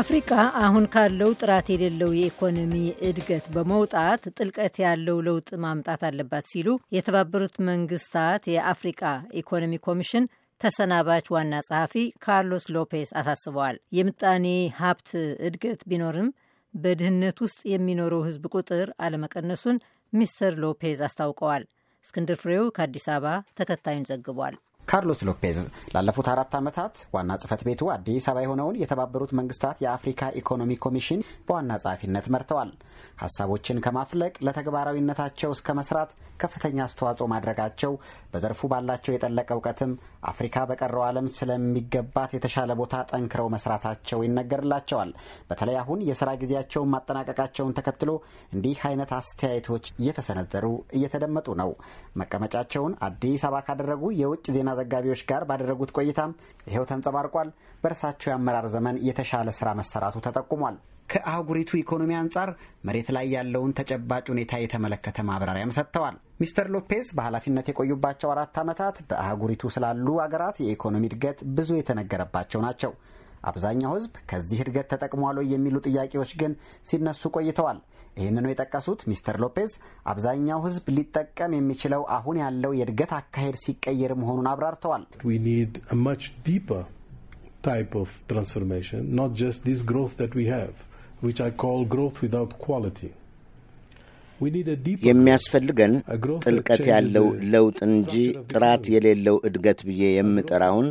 አፍሪካ አሁን ካለው ጥራት የሌለው የኢኮኖሚ እድገት በመውጣት ጥልቀት ያለው ለውጥ ማምጣት አለባት ሲሉ የተባበሩት መንግስታት የአፍሪቃ ኢኮኖሚ ኮሚሽን ተሰናባች ዋና ጸሐፊ ካርሎስ ሎፔስ አሳስበዋል። የምጣኔ ሀብት እድገት ቢኖርም በድህነት ውስጥ የሚኖረው ሕዝብ ቁጥር አለመቀነሱን ሚስተር ሎፔዝ አስታውቀዋል። እስክንድር ፍሬው ከአዲስ አበባ ተከታዩን ዘግቧል። ካርሎስ ሎፔዝ ላለፉት አራት ዓመታት ዋና ጽህፈት ቤቱ አዲስ አበባ የሆነውን የተባበሩት መንግስታት የአፍሪካ ኢኮኖሚ ኮሚሽን በዋና ጸሐፊነት መርተዋል። ሀሳቦችን ከማፍለቅ ለተግባራዊነታቸው እስከ መስራት ከፍተኛ አስተዋጽኦ ማድረጋቸው በዘርፉ ባላቸው የጠለቀ እውቀትም አፍሪካ በቀረው ዓለም ስለሚገባት የተሻለ ቦታ ጠንክረው መስራታቸው ይነገርላቸዋል። በተለይ አሁን የስራ ጊዜያቸውን ማጠናቀቃቸውን ተከትሎ እንዲህ አይነት አስተያየቶች እየተሰነዘሩ እየተደመጡ ነው። መቀመጫቸውን አዲስ አበባ ካደረጉ የውጭ ዜና ዘጋቢዎች ጋር ባደረጉት ቆይታም ይኸው ተንጸባርቋል። በእርሳቸው የአመራር ዘመን የተሻለ ስራ መሰራቱ ተጠቁሟል። ከአህጉሪቱ ኢኮኖሚ አንጻር መሬት ላይ ያለውን ተጨባጭ ሁኔታ የተመለከተ ማብራሪያም ሰጥተዋል። ሚስተር ሎፔዝ በኃላፊነት የቆዩባቸው አራት ዓመታት በአህጉሪቱ ስላሉ አገራት የኢኮኖሚ እድገት ብዙ የተነገረባቸው ናቸው። አብዛኛው ህዝብ ከዚህ እድገት ተጠቅሟል የሚሉ ጥያቄዎች ግን ሲነሱ ቆይተዋል። ይህንኑ የጠቀሱት ሚስተር ሎፔዝ አብዛኛው ህዝብ ሊጠቀም የሚችለው አሁን ያለው የእድገት አካሄድ ሲቀየር መሆኑን አብራርተዋል። የሚያስፈልገን ጥልቀት ያለው ለውጥ እንጂ ጥራት የሌለው እድገት ብዬ የምጠራውን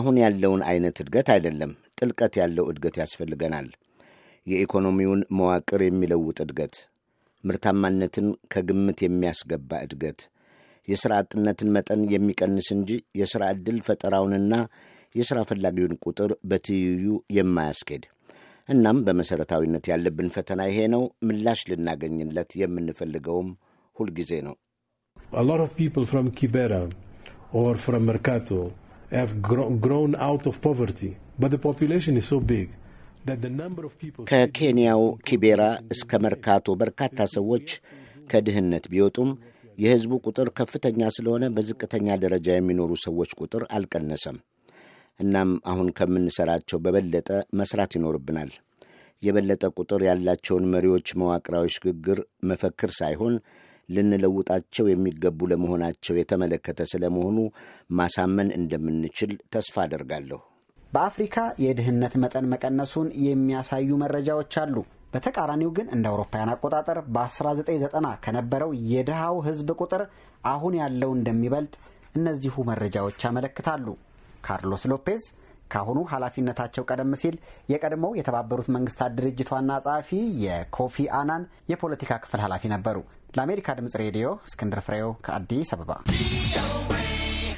አሁን ያለውን አይነት እድገት አይደለም። ጥልቀት ያለው እድገት ያስፈልገናል። የኢኮኖሚውን መዋቅር የሚለውጥ እድገት፣ ምርታማነትን ከግምት የሚያስገባ እድገት፣ የሥራ አጥነትን መጠን የሚቀንስ እንጂ የሥራ ዕድል ፈጠራውንና የሥራ ፈላጊውን ቁጥር በትይዩ የማያስኬድ እናም በመሠረታዊነት ያለብን ፈተና ይሄ ነው። ምላሽ ልናገኝለት የምንፈልገውም ሁልጊዜ ነው። ኪቤራ ኦር ፍሮም መርካቶ ከኬንያው ኪቤራ እስከ መርካቶ በርካታ ሰዎች ከድህነት ቢወጡም የሕዝቡ ቁጥር ከፍተኛ ስለሆነ በዝቅተኛ ደረጃ የሚኖሩ ሰዎች ቁጥር አልቀነሰም። እናም አሁን ከምንሠራቸው በበለጠ መሥራት ይኖርብናል። የበለጠ ቁጥር ያላቸውን መሪዎች መዋቅራዊ ሽግግር መፈክር ሳይሆን ልንለውጣቸው የሚገቡ ለመሆናቸው የተመለከተ ስለመሆኑ ማሳመን እንደምንችል ተስፋ አደርጋለሁ። በአፍሪካ የድህነት መጠን መቀነሱን የሚያሳዩ መረጃዎች አሉ። በተቃራኒው ግን እንደ አውሮፓውያን አቆጣጠር በ1990 ከነበረው የድሃው ህዝብ ቁጥር አሁን ያለው እንደሚበልጥ እነዚሁ መረጃዎች ያመለክታሉ። ካርሎስ ሎፔዝ ካሁኑ ኃላፊነታቸው ቀደም ሲል የቀድሞው የተባበሩት መንግስታት ድርጅት ዋና ጸሐፊ የኮፊ አናን የፖለቲካ ክፍል ኃላፊ ነበሩ። ለአሜሪካ ድምፅ ሬዲዮ እስክንድር ፍሬው ከአዲስ አበባ